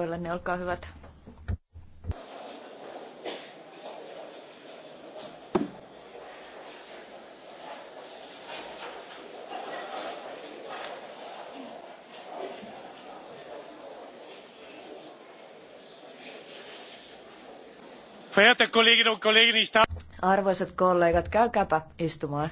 niin olkaa hyvät. Arvoisat kollegat, käykääpä istumaan.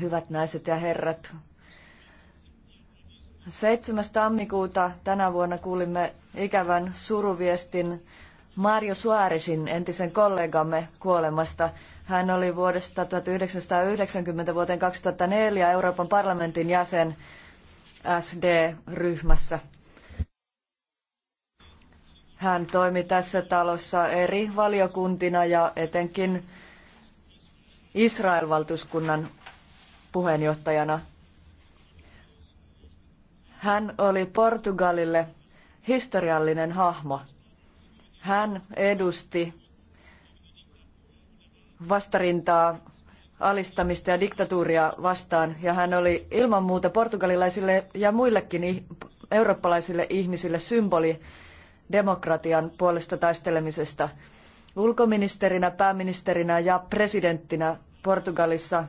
hyvät naiset ja herrat seitsemäs tammikuuta tänä vuonna kuulimme ikävän suruviestin Mario Suarezin entisen kollegamme kuolemasta. Hän oli vuodesta 1990 vuoteen 2004 Euroopan parlamentin jäsen SD-ryhmässä. Hän toimi tässä talossa eri valiokuntina ja etenkin Israel-valtuuskunnan puheenjohtajana. Hän oli Portugalille historiallinen hahmo. Hän edusti vastarintaa, alistamista ja diktatuuria vastaan, ja hän oli ilman muuta portugalilaisille ja muillekin eurooppalaisille ihmisille symboli demokratian puolesta taistelemisesta ulkoministerinä, pääministerinä ja presidenttinä Portugalissa.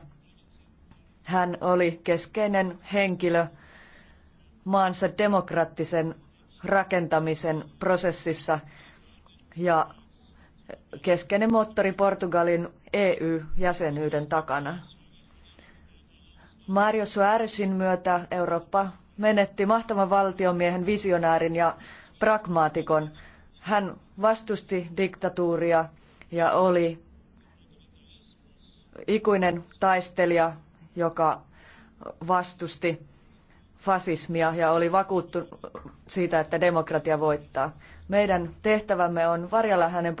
Hän oli keskeinen henkilö maansa demokraattisen rakentamisen prosessissa ja keskeinen moottori Portugalin EU-jäsenyyden takana. Mario Suárezin myötä Eurooppa menetti mahtavan valtiomiehen, visionäärin ja pragmaatikon, hän vastusti diktatuuria ja oli ikuinen taistelija, joka vastusti fasismia ja oli vakuuttunut siitä, että demokratia voittaa. Meidän tehtävämme on varjella hänen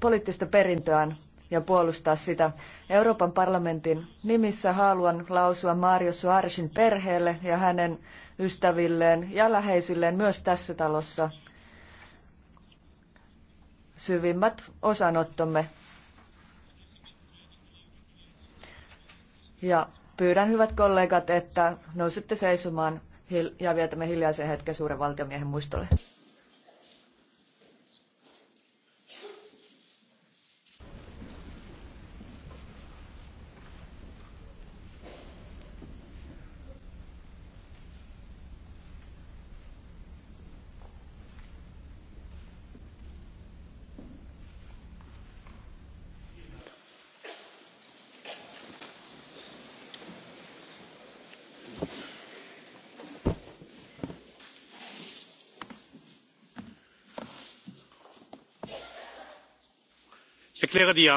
poliittista perintöään ja puolustaa sitä. Euroopan parlamentin nimissä haluan lausua Mario Suaresin perheelle ja hänen ystävilleen ja läheisilleen myös tässä talossa syvimmät osanottomme. Ja pyydän hyvät kollegat, että nousette seisomaan ja vietämme hiljaisen hetken suuren valtiomiehen muistolle. erkläre die.